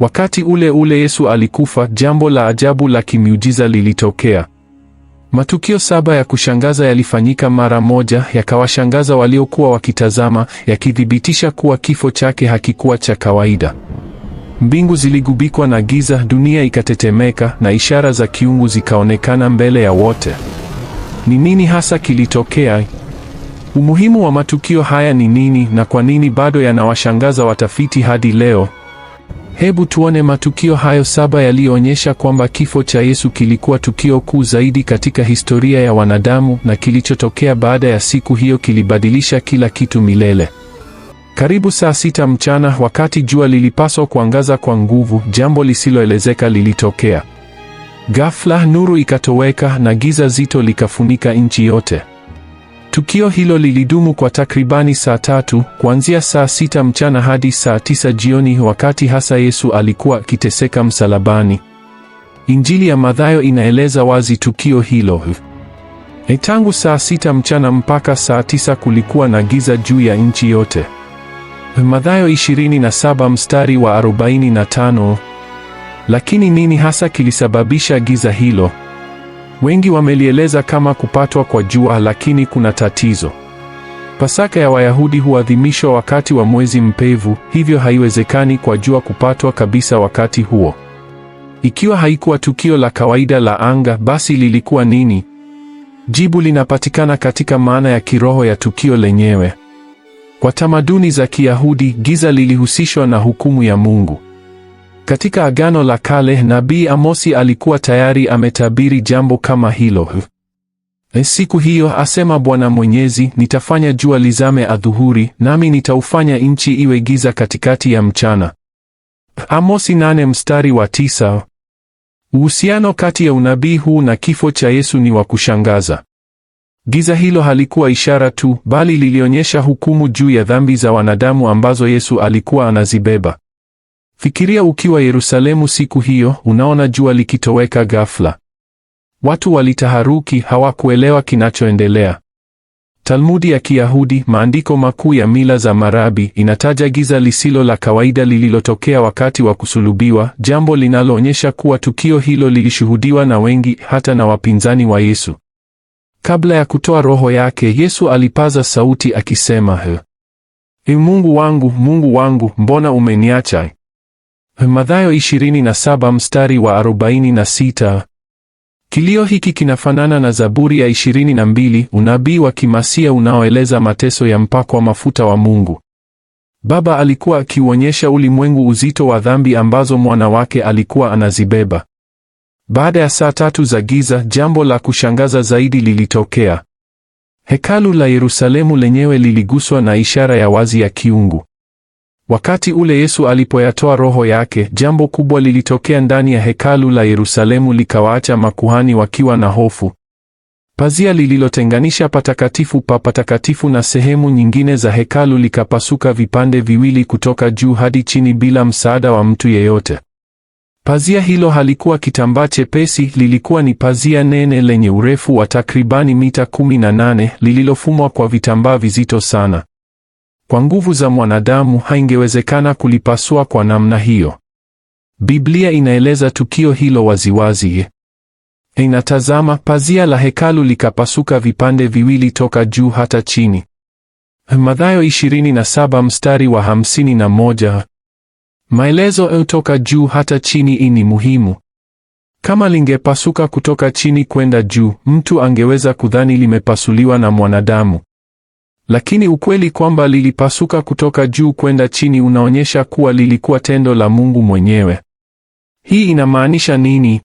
Wakati ule ule Yesu alikufa, jambo la ajabu la kimiujiza lilitokea. Matukio saba ya kushangaza yalifanyika mara moja, yakawashangaza waliokuwa wakitazama, yakithibitisha kuwa kifo chake hakikuwa cha kawaida. Mbingu ziligubikwa na giza, dunia ikatetemeka, na ishara za kiungu zikaonekana mbele ya wote. Ni nini hasa kilitokea? Umuhimu wa matukio haya ni nini, na kwa nini bado yanawashangaza watafiti hadi leo? Hebu tuone matukio hayo saba yaliyoonyesha kwamba kifo cha Yesu kilikuwa tukio kuu zaidi katika historia ya wanadamu na kilichotokea baada ya siku hiyo kilibadilisha kila kitu milele. Karibu saa sita mchana, wakati jua lilipaswa kuangaza kwa nguvu, jambo lisiloelezeka lilitokea. Ghafla nuru ikatoweka na giza zito likafunika nchi yote. Tukio hilo lilidumu kwa takribani saa tatu, kuanzia saa sita mchana hadi saa tisa jioni, wakati hasa Yesu alikuwa akiteseka msalabani. Injili ya Mathayo inaeleza wazi tukio hilo. E, tangu saa sita mchana mpaka saa tisa kulikuwa na giza juu ya nchi yote. Mathayo 27 mstari wa 45. Lakini nini hasa kilisababisha giza hilo? Wengi wamelieleza kama kupatwa kwa jua, lakini kuna tatizo. Pasaka ya Wayahudi huadhimishwa wakati wa mwezi mpevu, hivyo haiwezekani kwa jua kupatwa kabisa wakati huo. Ikiwa haikuwa tukio la kawaida la anga, basi lilikuwa nini? Jibu linapatikana katika maana ya kiroho ya tukio lenyewe. Kwa tamaduni za Kiyahudi, giza lilihusishwa na hukumu ya Mungu. Katika Agano la Kale, nabii Amosi alikuwa tayari ametabiri jambo kama hilo. E, siku hiyo asema Bwana Mwenyezi, nitafanya jua lizame adhuhuri, nami nitaufanya nchi iwe giza katikati ya mchana. Amosi nane mstari wa tisa. Uhusiano kati ya unabii huu na kifo cha Yesu ni wa kushangaza. Giza hilo halikuwa ishara tu, bali lilionyesha hukumu juu ya dhambi za wanadamu ambazo Yesu alikuwa anazibeba. Fikiria ukiwa Yerusalemu siku hiyo, unaona jua likitoweka ghafla. Watu walitaharuki, hawakuelewa kinachoendelea. Talmudi ya Kiyahudi, maandiko makuu ya mila za marabi, inataja giza lisilo la kawaida lililotokea wakati wa kusulubiwa, jambo linaloonyesha kuwa tukio hilo lilishuhudiwa na wengi, hata na wapinzani wa Yesu. Kabla ya kutoa roho yake, Yesu alipaza sauti akisema, Ee Mungu wangu, Mungu wangu, mbona umeniacha? Mathayo 27 mstari wa 46. Kilio hiki kinafanana na Zaburi ya 22, unabii wa kimasia unaoeleza mateso ya mpakwa mafuta wa Mungu. Baba alikuwa akiuonyesha ulimwengu uzito wa dhambi ambazo mwana wake alikuwa anazibeba. Baada ya saa tatu za giza, jambo la kushangaza zaidi lilitokea. Hekalu la Yerusalemu lenyewe liliguswa na ishara ya wazi ya kiungu. Wakati ule Yesu alipoyatoa roho yake, jambo kubwa lilitokea ndani ya hekalu la Yerusalemu likawaacha makuhani wakiwa na hofu. Pazia lililotenganisha patakatifu pa patakatifu na sehemu nyingine za hekalu likapasuka vipande viwili kutoka juu hadi chini bila msaada wa mtu yeyote. Pazia hilo halikuwa kitambaa chepesi, lilikuwa ni pazia nene lenye urefu wa takribani mita 18 lililofumwa kwa vitambaa vizito sana. Kwa nguvu za mwanadamu haingewezekana kulipasua kwa namna hiyo. Biblia inaeleza tukio hilo waziwazi. Inatazama, pazia la hekalu likapasuka vipande viwili toka juu hata chini. Mathayo 27 mstari wa 51. Maelezo toka juu hata chini ini muhimu. Kama lingepasuka kutoka chini kwenda juu, mtu angeweza kudhani limepasuliwa na mwanadamu. Lakini ukweli kwamba lilipasuka kutoka juu kwenda chini unaonyesha kuwa lilikuwa tendo la Mungu mwenyewe. Hii inamaanisha nini?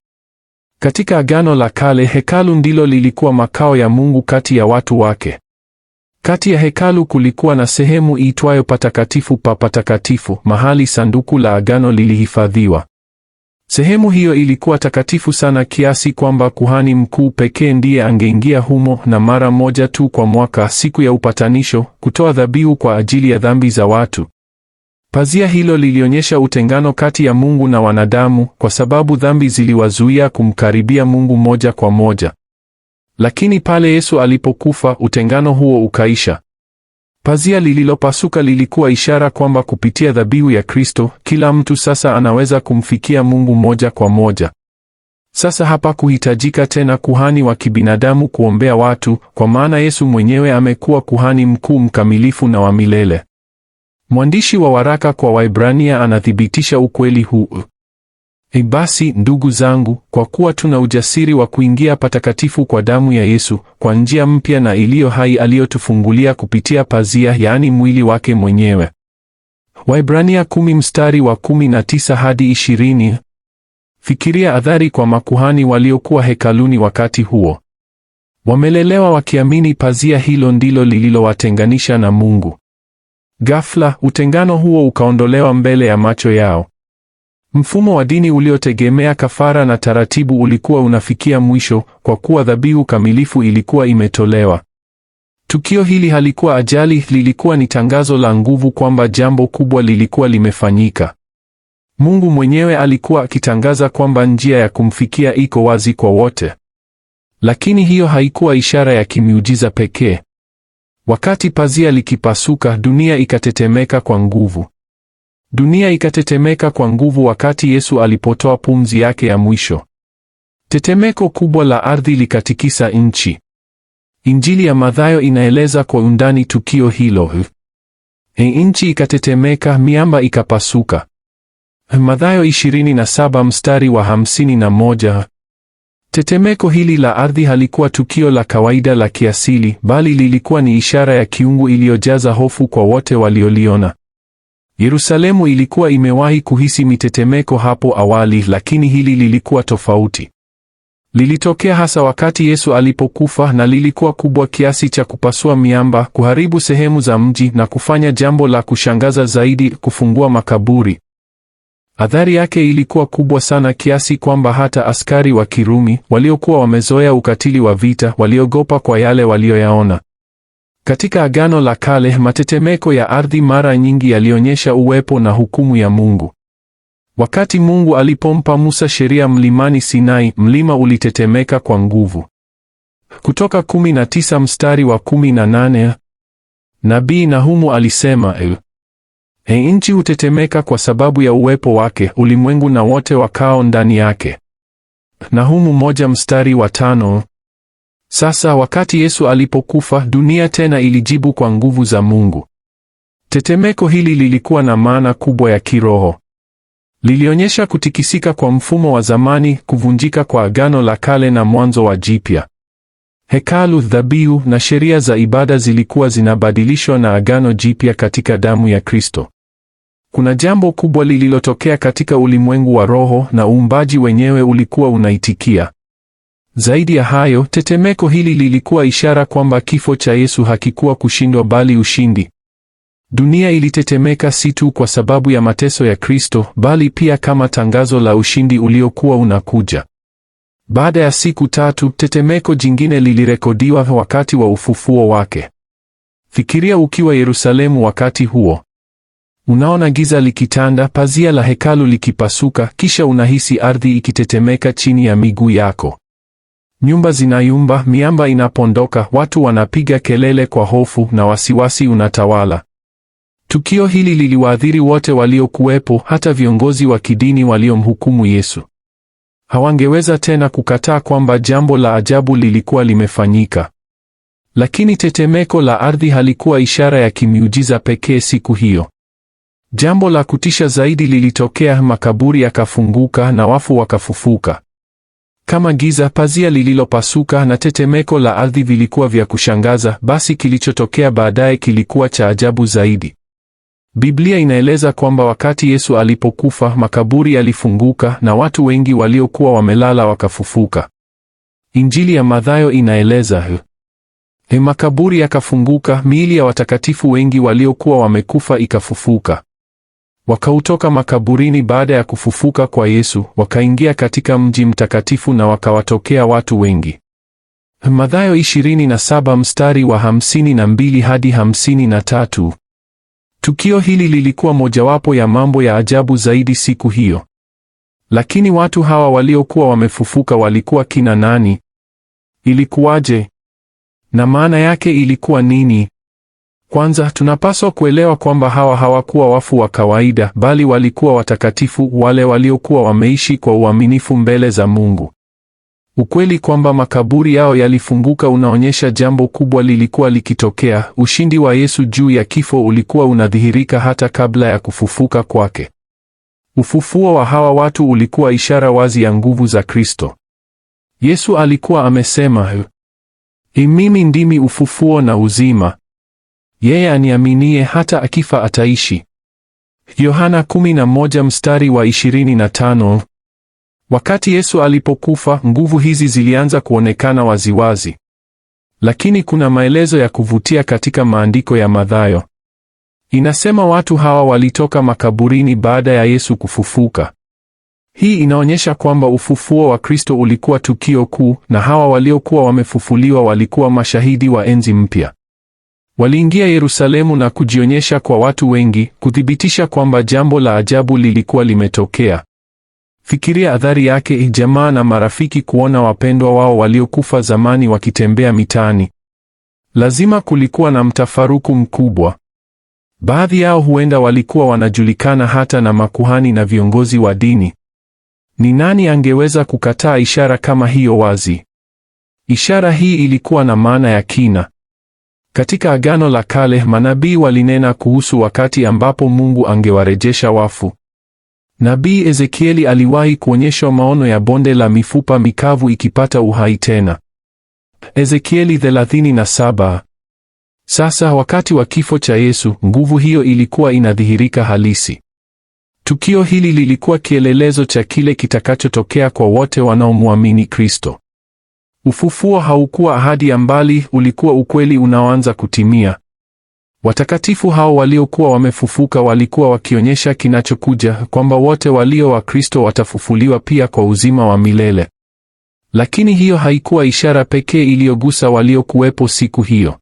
Katika Agano la Kale, hekalu ndilo lilikuwa makao ya Mungu kati ya watu wake. Kati ya hekalu kulikuwa na sehemu iitwayo patakatifu pa patakatifu, mahali sanduku la agano lilihifadhiwa. Sehemu hiyo ilikuwa takatifu sana kiasi kwamba kuhani mkuu pekee ndiye angeingia humo, na mara moja tu kwa mwaka, siku ya upatanisho, kutoa dhabihu kwa ajili ya dhambi za watu. Pazia hilo lilionyesha utengano kati ya Mungu na wanadamu, kwa sababu dhambi ziliwazuia kumkaribia Mungu moja kwa moja. Lakini pale Yesu alipokufa, utengano huo ukaisha. Pazia lililopasuka lilikuwa ishara kwamba kupitia dhabihu ya Kristo, kila mtu sasa anaweza kumfikia Mungu moja kwa moja. Sasa hapa kuhitajika tena kuhani wa kibinadamu kuombea watu, kwa maana Yesu mwenyewe amekuwa kuhani mkuu mkamilifu na wa milele. Mwandishi wa waraka kwa Waibrania anathibitisha ukweli huu e basi ndugu zangu, kwa kuwa tuna ujasiri wa kuingia patakatifu kwa damu ya Yesu, kwa njia mpya na iliyo hai aliyotufungulia kupitia pazia, yaani mwili wake mwenyewe. Waibrania kumi mstari wa kumi na tisa hadi ishirini. Fikiria adhari kwa makuhani waliokuwa hekaluni wakati huo. Wamelelewa wakiamini pazia hilo ndilo lililowatenganisha na Mungu. Ghafla utengano huo ukaondolewa mbele ya macho yao. Mfumo wa dini uliotegemea kafara na taratibu ulikuwa unafikia mwisho kwa kuwa dhabihu kamilifu ilikuwa imetolewa. Tukio hili halikuwa ajali, lilikuwa ni tangazo la nguvu kwamba jambo kubwa lilikuwa limefanyika. Mungu mwenyewe alikuwa akitangaza kwamba njia ya kumfikia iko wazi kwa wote. Lakini hiyo haikuwa ishara ya kimiujiza pekee. Wakati pazia likipasuka, dunia ikatetemeka kwa nguvu. Dunia ikatetemeka kwa nguvu wakati Yesu alipotoa pumzi yake ya mwisho. Tetemeko kubwa la ardhi likatikisa nchi. Injili ya Mathayo inaeleza kwa undani tukio hilo. Nchi ikatetemeka, miamba ikapasuka. Mathayo 27 mstari wa 51. Tetemeko hili la ardhi halikuwa tukio la kawaida la kiasili, bali lilikuwa ni ishara ya kiungu iliyojaza hofu kwa wote walioliona. Yerusalemu ilikuwa imewahi kuhisi mitetemeko hapo awali, lakini hili lilikuwa tofauti. Lilitokea hasa wakati Yesu alipokufa na lilikuwa kubwa kiasi cha kupasua miamba, kuharibu sehemu za mji na kufanya jambo la kushangaza zaidi, kufungua makaburi. Athari yake ilikuwa kubwa sana kiasi kwamba hata askari wa Kirumi waliokuwa wamezoea ukatili wa vita waliogopa kwa yale walioyaona. Katika Agano la Kale, matetemeko ya ardhi mara nyingi yalionyesha uwepo na hukumu ya Mungu. Wakati Mungu alipompa Musa sheria mlimani Sinai, mlima ulitetemeka kwa nguvu. Kutoka 19 mstari wa 18, Nabii Nahumu alisema e, e, nchi hutetemeka kwa sababu ya uwepo wake, ulimwengu na wote wakao ndani yake. Nahumu moja mstari wa tano. Sasa wakati Yesu alipokufa, dunia tena ilijibu kwa nguvu za Mungu. Tetemeko hili lilikuwa na maana kubwa ya kiroho. Lilionyesha kutikisika kwa mfumo wa zamani, kuvunjika kwa agano la kale na mwanzo wa jipya. Hekalu, dhabihu na sheria za ibada zilikuwa zinabadilishwa na agano jipya katika damu ya Kristo. Kuna jambo kubwa lililotokea katika ulimwengu wa roho na uumbaji wenyewe ulikuwa unaitikia. Zaidi ya hayo, tetemeko hili lilikuwa ishara kwamba kifo cha Yesu hakikuwa kushindwa bali ushindi. Dunia ilitetemeka si tu kwa sababu ya mateso ya Kristo, bali pia kama tangazo la ushindi uliokuwa unakuja. Baada ya siku tatu, tetemeko jingine lilirekodiwa wakati wa ufufuo wake. Fikiria ukiwa Yerusalemu wakati huo. Unaona giza likitanda, pazia la hekalu likipasuka, kisha unahisi ardhi ikitetemeka chini ya miguu yako. Nyumba zinayumba, miamba inapondoka, watu wanapiga kelele kwa hofu na wasiwasi unatawala. Tukio hili liliwaathiri wote waliokuwepo, hata viongozi wa kidini waliomhukumu Yesu. Hawangeweza tena kukataa kwamba jambo la ajabu lilikuwa limefanyika. Lakini tetemeko la ardhi halikuwa ishara ya kimiujiza pekee siku hiyo. Jambo la kutisha zaidi lilitokea, makaburi yakafunguka na wafu wakafufuka. Kama giza, pazia lililopasuka na tetemeko la ardhi vilikuwa vya kushangaza, basi kilichotokea baadaye kilikuwa cha ajabu zaidi. Biblia inaeleza kwamba wakati Yesu alipokufa, makaburi yalifunguka na watu wengi waliokuwa wamelala wakafufuka. Injili ya Mathayo inaeleza he, makaburi yakafunguka, miili ya watakatifu wengi waliokuwa wamekufa ikafufuka. Wakautoka makaburini baada ya kufufuka kwa Yesu, wakaingia katika mji mtakatifu na wakawatokea watu wengi. Mathayo 27 mstari wa 52 hadi 53. Tukio hili lilikuwa mojawapo ya mambo ya ajabu zaidi siku hiyo. Lakini watu hawa waliokuwa wamefufuka walikuwa kina nani? Ilikuwaje? Na maana yake ilikuwa nini? Kwanza tunapaswa kuelewa kwamba hawa hawakuwa wafu wa kawaida, bali walikuwa watakatifu, wale waliokuwa wameishi kwa uaminifu mbele za Mungu. Ukweli kwamba makaburi yao yalifunguka unaonyesha jambo kubwa lilikuwa likitokea. Ushindi wa Yesu juu ya kifo ulikuwa unadhihirika hata kabla ya kufufuka kwake. Ufufuo wa hawa watu ulikuwa ishara wazi ya nguvu za Kristo. Yesu alikuwa amesema, mimi ndimi ufufuo na uzima yeye aniaminie hata akifa ataishi. Yohana 11 mstari wa 25. Wakati Yesu alipokufa, nguvu hizi zilianza kuonekana waziwazi. Lakini kuna maelezo ya kuvutia katika maandiko ya Mathayo. Inasema watu hawa walitoka makaburini baada ya Yesu kufufuka. Hii inaonyesha kwamba ufufuo wa Kristo ulikuwa tukio kuu na hawa waliokuwa wamefufuliwa walikuwa mashahidi wa enzi mpya. Waliingia Yerusalemu na kujionyesha kwa watu wengi, kuthibitisha kwamba jambo la ajabu lilikuwa limetokea. Fikiria adhari yake, eh, jamaa na marafiki kuona wapendwa wao waliokufa zamani wakitembea mitaani. Lazima kulikuwa na mtafaruku mkubwa. Baadhi yao huenda walikuwa wanajulikana hata na makuhani na viongozi wa dini. Ni nani angeweza kukataa ishara kama hiyo wazi? Ishara hii ilikuwa na maana ya kina. Katika Agano la Kale manabii walinena kuhusu wakati ambapo Mungu angewarejesha wafu. Nabii Ezekieli aliwahi kuonyeshwa maono ya bonde la mifupa mikavu ikipata uhai tena. Ezekieli 37. Sasa wakati wa kifo cha Yesu, nguvu hiyo ilikuwa inadhihirika halisi. Tukio hili lilikuwa kielelezo cha kile kitakachotokea kwa wote wanaomwamini Kristo. Ufufuo haukuwa ahadi ya mbali, ulikuwa ukweli unaoanza kutimia. Watakatifu hao waliokuwa wamefufuka walikuwa wakionyesha kinachokuja, kwamba wote walio wa Kristo watafufuliwa pia kwa uzima wa milele. Lakini hiyo haikuwa ishara pekee iliyogusa waliokuwepo siku hiyo.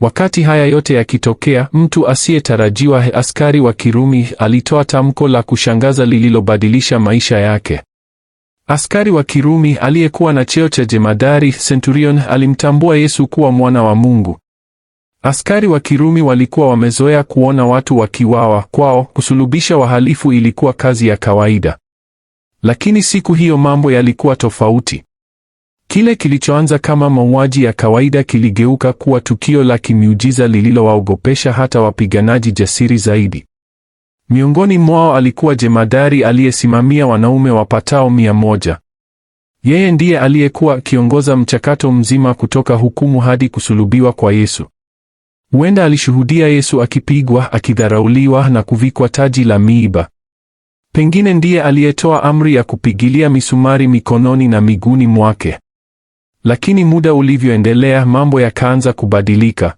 Wakati haya yote yakitokea, mtu asiyetarajiwa, askari wa Kirumi, alitoa tamko la kushangaza lililobadilisha maisha yake. Askari wa Kirumi aliyekuwa na cheo cha jemadari centurion alimtambua Yesu kuwa mwana wa Mungu. Askari wa Kirumi walikuwa wamezoea kuona watu wakiwawa, kwao kusulubisha wahalifu ilikuwa kazi ya kawaida. Lakini siku hiyo mambo yalikuwa tofauti. Kile kilichoanza kama mauaji ya kawaida kiligeuka kuwa tukio la kimiujiza lililowaogopesha hata wapiganaji jasiri zaidi. Miongoni mwao alikuwa jemadari aliyesimamia wanaume wapatao mia moja. Yeye ndiye aliyekuwa akiongoza mchakato mzima kutoka hukumu hadi kusulubiwa kwa Yesu. Huenda alishuhudia Yesu akipigwa, akidharauliwa na kuvikwa taji la miiba. Pengine ndiye aliyetoa amri ya kupigilia misumari mikononi na miguuni mwake. Lakini muda ulivyoendelea, mambo yakaanza kubadilika.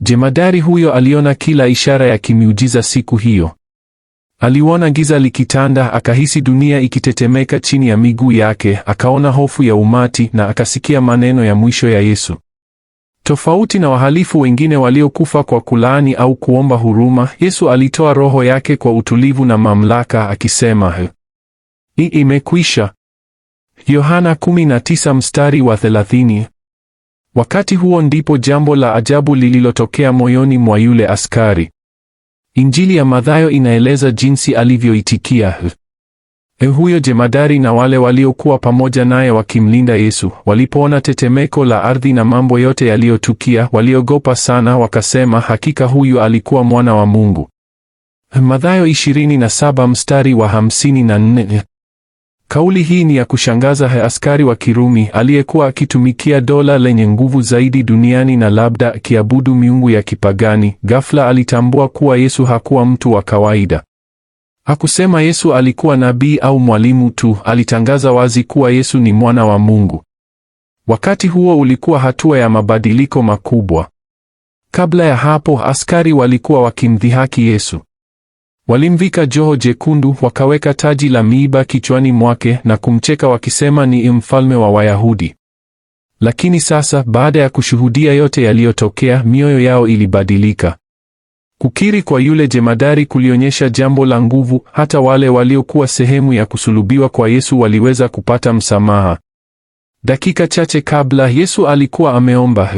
Jemadari huyo aliona kila ishara ya kimiujiza siku hiyo. Aliona giza likitanda, akahisi dunia ikitetemeka chini ya miguu yake, akaona hofu ya umati na akasikia maneno ya mwisho ya Yesu. Tofauti na wahalifu wengine waliokufa kwa kulaani au kuomba huruma, Yesu alitoa roho yake kwa utulivu na mamlaka akisema, "Hii imekwisha." Yohana 19 mstari wa 30. Wakati huo ndipo jambo la ajabu lililotokea moyoni mwa yule askari. Injili ya Mathayo inaeleza jinsi alivyoitikia. E, huyo jemadari na wale waliokuwa pamoja naye wakimlinda Yesu, walipoona tetemeko la ardhi na mambo yote yaliyotukia, waliogopa sana, wakasema, hakika huyu alikuwa mwana wa Mungu. Mathayo 27 mstari wa 54. Kauli hii ni ya kushangaza. Askari wa Kirumi aliyekuwa akitumikia dola lenye nguvu zaidi duniani na labda akiabudu miungu ya kipagani, ghafla alitambua kuwa Yesu hakuwa mtu wa kawaida. Hakusema Yesu alikuwa nabii au mwalimu tu, alitangaza wazi kuwa Yesu ni mwana wa Mungu. Wakati huo ulikuwa hatua ya mabadiliko makubwa. Kabla ya hapo, askari walikuwa wakimdhihaki Yesu. Walimvika joho jekundu, wakaweka taji la miiba kichwani mwake na kumcheka wakisema ni mfalme wa Wayahudi. Lakini sasa baada ya kushuhudia yote yaliyotokea, mioyo yao ilibadilika. Kukiri kwa yule jemadari kulionyesha jambo la nguvu, hata wale waliokuwa sehemu ya kusulubiwa kwa Yesu waliweza kupata msamaha. Dakika chache kabla Yesu alikuwa ameomba,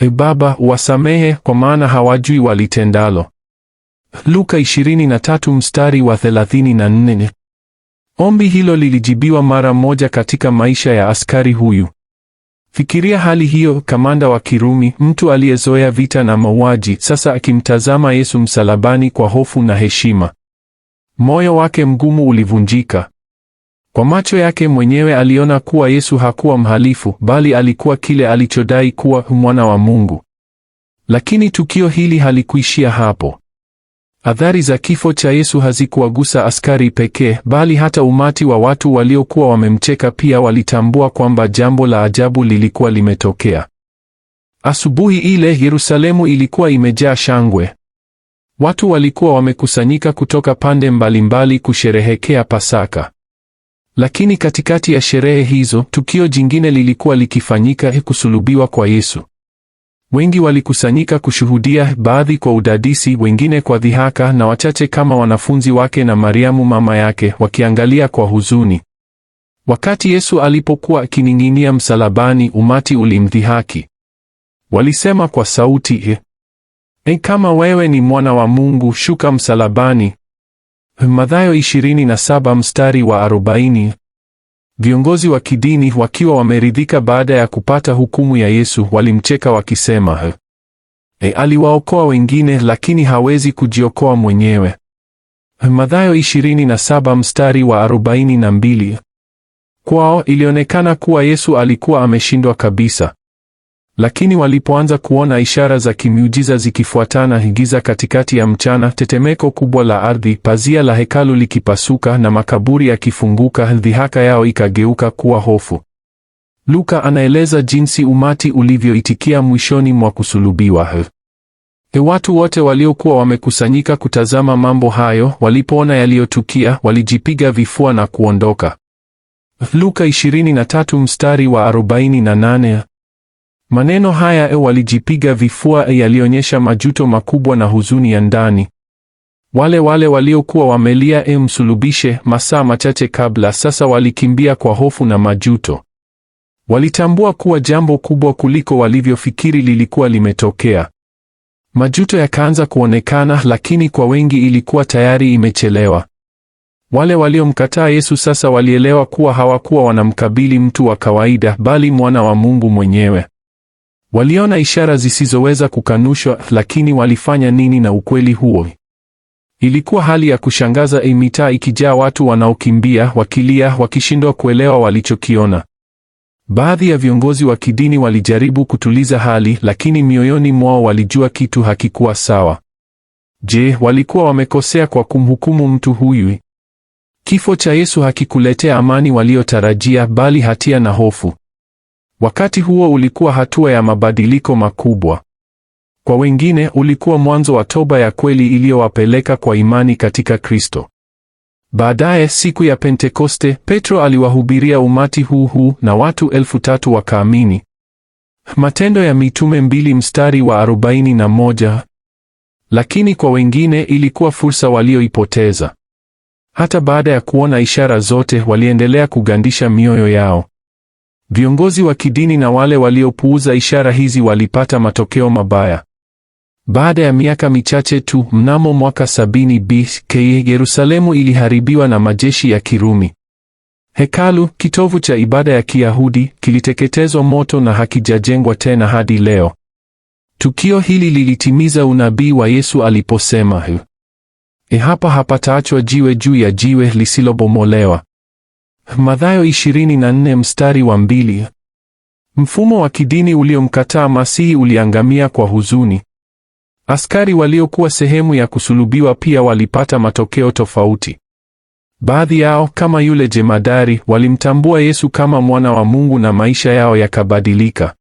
ee Baba, wasamehe kwa maana hawajui walitendalo. Luka 23 mstari wa 34. Ombi hilo lilijibiwa mara moja katika maisha ya askari huyu. Fikiria hali hiyo, kamanda wa Kirumi, mtu aliyezoea vita na mauaji, sasa akimtazama Yesu msalabani kwa hofu na heshima. Moyo wake mgumu ulivunjika. Kwa macho yake mwenyewe aliona kuwa Yesu hakuwa mhalifu, bali alikuwa kile alichodai kuwa mwana wa Mungu. Lakini tukio hili halikuishia hapo. Athari za kifo cha Yesu hazikuwagusa askari pekee, bali hata umati wa watu waliokuwa wamemcheka pia walitambua kwamba jambo la ajabu lilikuwa limetokea. Asubuhi ile Yerusalemu ilikuwa imejaa shangwe. Watu walikuwa wamekusanyika kutoka pande mbalimbali kusherehekea Pasaka. Lakini katikati ya sherehe hizo, tukio jingine lilikuwa likifanyika, kusulubiwa kwa Yesu. Wengi walikusanyika kushuhudia, baadhi kwa udadisi, wengine kwa dhihaka, na wachache kama wanafunzi wake na Mariamu mama yake, wakiangalia kwa huzuni. Wakati Yesu alipokuwa akining'inia msalabani, umati ulimdhihaki. Walisema kwa sauti, E, kama wewe ni mwana wa Mungu, shuka msalabani. Mathayo 27 mstari wa Viongozi wa kidini wakiwa wameridhika baada ya kupata hukumu ya Yesu walimcheka wakisema, e, aliwaokoa wengine lakini hawezi kujiokoa mwenyewe. Eh, Mathayo 27 mstari wa 42. Kwao ilionekana kuwa Yesu alikuwa ameshindwa kabisa. Lakini walipoanza kuona ishara za kimiujiza zikifuatana, giza katikati ya mchana, tetemeko kubwa la ardhi, pazia la hekalu likipasuka na makaburi yakifunguka, dhihaka yao ikageuka kuwa hofu. Luka anaeleza jinsi umati ulivyoitikia mwishoni mwa kusulubiwa. E, watu wote waliokuwa wamekusanyika kutazama mambo hayo, walipoona yaliyotukia, walijipiga vifua na kuondoka. Luka 23 mstari wa 48. Maneno haya e, walijipiga vifua e, yalionyesha majuto makubwa na huzuni ya ndani. Wale wale waliokuwa wamelia e, msulubishe masaa machache kabla, sasa walikimbia kwa hofu na majuto. Walitambua kuwa jambo kubwa kuliko walivyofikiri lilikuwa limetokea. Majuto yakaanza kuonekana, lakini kwa wengi ilikuwa tayari imechelewa. Wale waliomkataa Yesu sasa walielewa kuwa hawakuwa wanamkabili mtu wa kawaida, bali mwana wa Mungu mwenyewe. Waliona ishara zisizoweza kukanushwa, lakini walifanya nini na ukweli huo? Ilikuwa hali ya kushangaza, mitaa ikijaa watu wanaokimbia, wakilia, wakishindwa kuelewa walichokiona. Baadhi ya viongozi wa kidini walijaribu kutuliza hali, lakini mioyoni mwao walijua kitu hakikuwa sawa. Je, walikuwa wamekosea kwa kumhukumu mtu huyu? Kifo cha Yesu hakikuletea amani waliotarajia, bali hatia na hofu. Wakati huo ulikuwa hatua ya mabadiliko makubwa. Kwa wengine ulikuwa mwanzo wa toba ya kweli iliyowapeleka kwa imani katika Kristo. Baadaye siku ya Pentekoste, Petro aliwahubiria umati huu huu na watu elfu tatu wakaamini. Matendo ya Mitume mbili mstari wa arobaini na moja. Lakini kwa wengine ilikuwa fursa walioipoteza. Hata baada ya kuona ishara zote, waliendelea kugandisha mioyo yao. Viongozi wa kidini na wale waliopuuza ishara hizi walipata matokeo mabaya. Baada ya miaka michache tu, mnamo mwaka sabini BK, Yerusalemu iliharibiwa na majeshi ya Kirumi. Hekalu, kitovu cha ibada ya Kiyahudi, kiliteketezwa moto na hakijajengwa tena hadi leo. Tukio hili lilitimiza unabii wa Yesu aliposema, e hapa hapataachwa jiwe juu ya jiwe lisilobomolewa. Mathayo 24 mstari wa mbili. Mfumo wa kidini uliomkataa Masihi uliangamia kwa huzuni. Askari waliokuwa sehemu ya kusulubiwa pia walipata matokeo tofauti. Baadhi yao kama yule jemadari walimtambua Yesu kama mwana wa Mungu na maisha yao yakabadilika.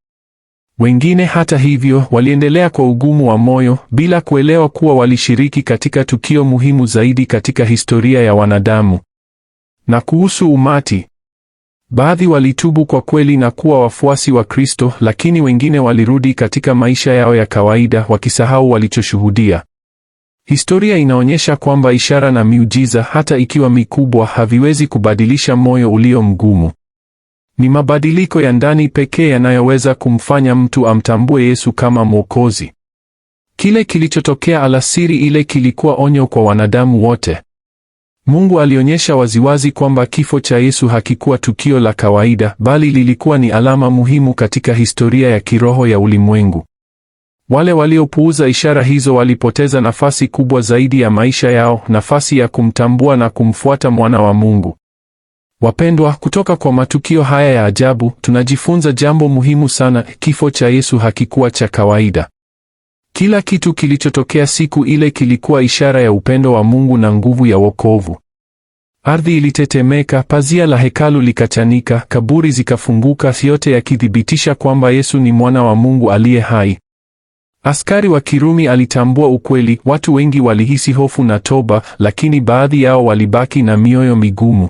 Wengine hata hivyo waliendelea kwa ugumu wa moyo bila kuelewa kuwa walishiriki katika tukio muhimu zaidi katika historia ya wanadamu. Na kuhusu umati, baadhi walitubu kwa kweli na kuwa wafuasi wa Kristo, lakini wengine walirudi katika maisha yao ya kawaida wakisahau walichoshuhudia. Historia inaonyesha kwamba ishara na miujiza, hata ikiwa mikubwa, haviwezi kubadilisha moyo ulio mgumu. Ni mabadiliko ya ndani pekee yanayoweza kumfanya mtu amtambue Yesu kama Mwokozi. Kile kilichotokea alasiri ile kilikuwa onyo kwa wanadamu wote. Mungu alionyesha waziwazi kwamba kifo cha Yesu hakikuwa tukio la kawaida, bali lilikuwa ni alama muhimu katika historia ya kiroho ya ulimwengu. Wale waliopuuza ishara hizo walipoteza nafasi kubwa zaidi ya maisha yao, nafasi ya kumtambua na kumfuata mwana wa Mungu. Wapendwa, kutoka kwa matukio haya ya ajabu tunajifunza jambo muhimu sana: kifo cha Yesu hakikuwa cha kawaida. Kila kitu kilichotokea siku ile kilikuwa ishara ya upendo wa Mungu na nguvu ya wokovu. Ardhi ilitetemeka, pazia la hekalu likachanika, kaburi zikafunguka, yote yakithibitisha kwamba Yesu ni mwana wa Mungu aliye hai. Askari wa Kirumi alitambua ukweli. Watu wengi walihisi hofu na toba, lakini baadhi yao walibaki na mioyo migumu.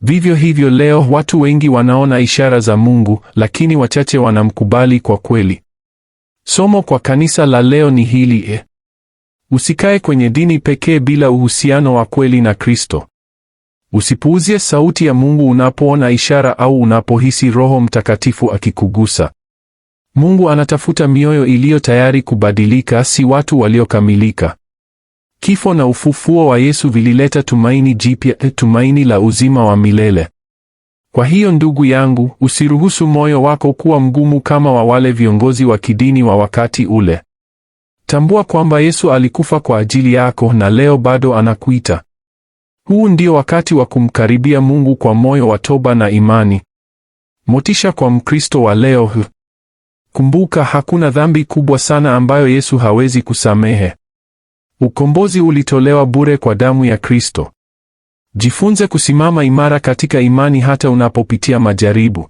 Vivyo hivyo leo, watu wengi wanaona ishara za Mungu, lakini wachache wanamkubali kwa kweli. Somo kwa kanisa la leo ni hili e. Usikae kwenye dini pekee bila uhusiano wa kweli na Kristo. Usipuuzie sauti ya Mungu unapoona ishara au unapohisi Roho Mtakatifu akikugusa. Mungu anatafuta mioyo iliyo tayari kubadilika, si watu waliokamilika. Kifo na ufufuo wa Yesu vilileta tumaini jipya, tumaini la uzima wa milele. Kwa hiyo ndugu yangu, usiruhusu moyo wako kuwa mgumu kama wa wale viongozi wa kidini wa wakati ule. Tambua kwamba Yesu alikufa kwa ajili yako na leo bado anakuita. Huu ndio wakati wa kumkaribia Mungu kwa moyo wa toba na imani. Motisha kwa Mkristo wa leo. Kumbuka, hakuna dhambi kubwa sana ambayo Yesu hawezi kusamehe. Ukombozi ulitolewa bure kwa damu ya Kristo. Jifunze kusimama imara katika imani hata unapopitia majaribu.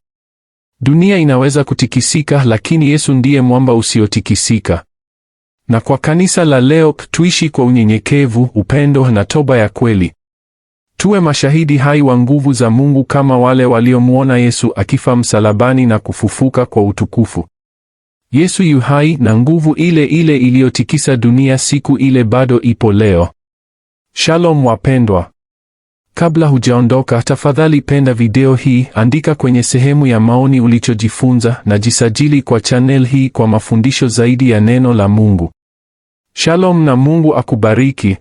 Dunia inaweza kutikisika, lakini Yesu ndiye mwamba usiotikisika. Na kwa kanisa la leo, tuishi kwa unyenyekevu, upendo na toba ya kweli. Tuwe mashahidi hai wa nguvu za Mungu kama wale waliomwona Yesu akifa msalabani na kufufuka kwa utukufu. Yesu yu hai na nguvu ile ile iliyotikisa dunia siku ile bado ipo leo. Shalom wapendwa. Kabla hujaondoka, tafadhali penda video hii, andika kwenye sehemu ya maoni ulichojifunza na jisajili kwa channel hii kwa mafundisho zaidi ya neno la Mungu. Shalom na Mungu akubariki.